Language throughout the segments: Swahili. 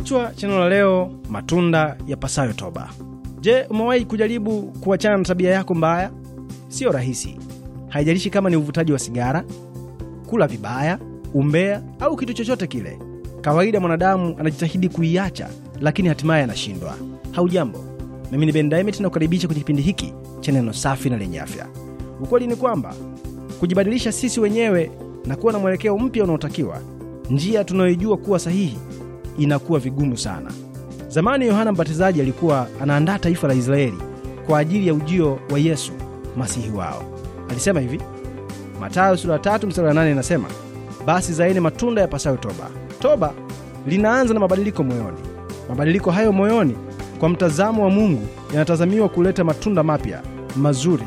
Kichwa cha neno la leo, matunda ya pasayo toba. Je, umewahi kujaribu kuachana na tabia yako mbaya? Siyo rahisi. Haijalishi kama ni uvutaji wa sigara, kula vibaya, umbea au kitu chochote kile. Kawaida mwanadamu anajitahidi kuiacha, lakini hatimaye anashindwa. Haujambo, mimi ni Ben Dynamite na kukaribisha kwenye kipindi hiki cha neno safi na lenye afya. Ukweli ni kwamba kujibadilisha sisi wenyewe na kuwa na mwelekeo mpya unaotakiwa, njia tunayoijua kuwa sahihi inakuwa vigumu sana. Zamani Yohana Mbatizaji alikuwa anaandaa taifa la Israeli kwa ajili ya ujio wa Yesu masihi wao. Alisema hivi, Mathayo sura tatu mstari wa nane inasema, basi zaeni matunda yapasayo toba. Toba linaanza na mabadiliko moyoni. Mabadiliko hayo moyoni kwa mtazamo wa Mungu yanatazamiwa kuleta matunda mapya mazuri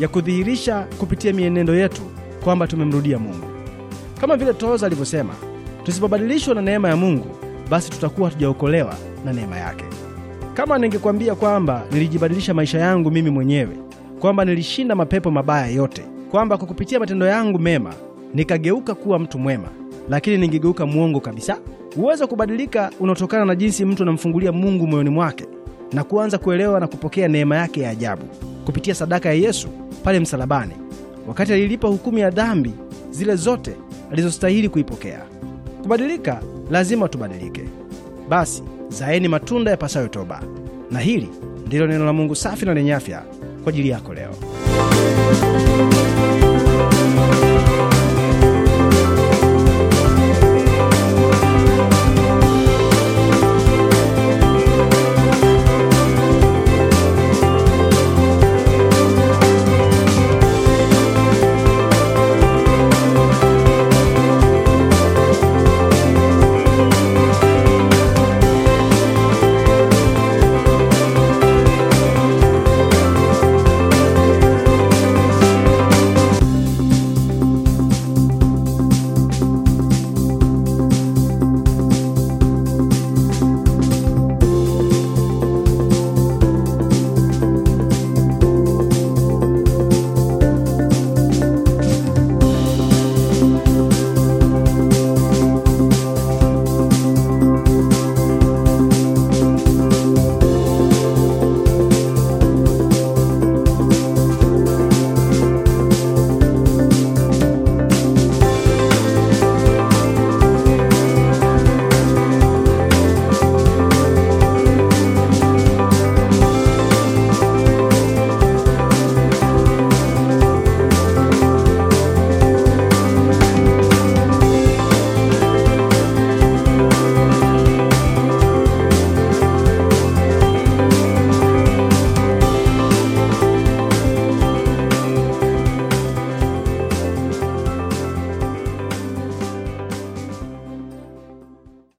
ya kudhihirisha kupitia mienendo yetu kwamba tumemrudia Mungu. Kama vile toza alivyosema, tusipobadilishwa na neema ya Mungu basi tutakuwa hatujaokolewa na neema yake. Kama ningekwambia kwamba nilijibadilisha maisha yangu mimi mwenyewe, kwamba nilishinda mapepo mabaya yote, kwamba kwa kupitia matendo yangu mema nikageuka kuwa mtu mwema, lakini ningegeuka mwongo kabisa. Uwezo wa kubadilika unaotokana na jinsi mtu anamfungulia Mungu moyoni mwake na kuanza kuelewa na kupokea neema yake ya ajabu kupitia sadaka ya Yesu pale msalabani, wakati alilipa hukumu ya dhambi zile zote alizostahili kuipokea. Kubadilika lazima tubadilike. Basi zaeni matunda ya pasayo toba, na hili ndilo neno la Mungu safi na lenye afya kwa ajili yako leo.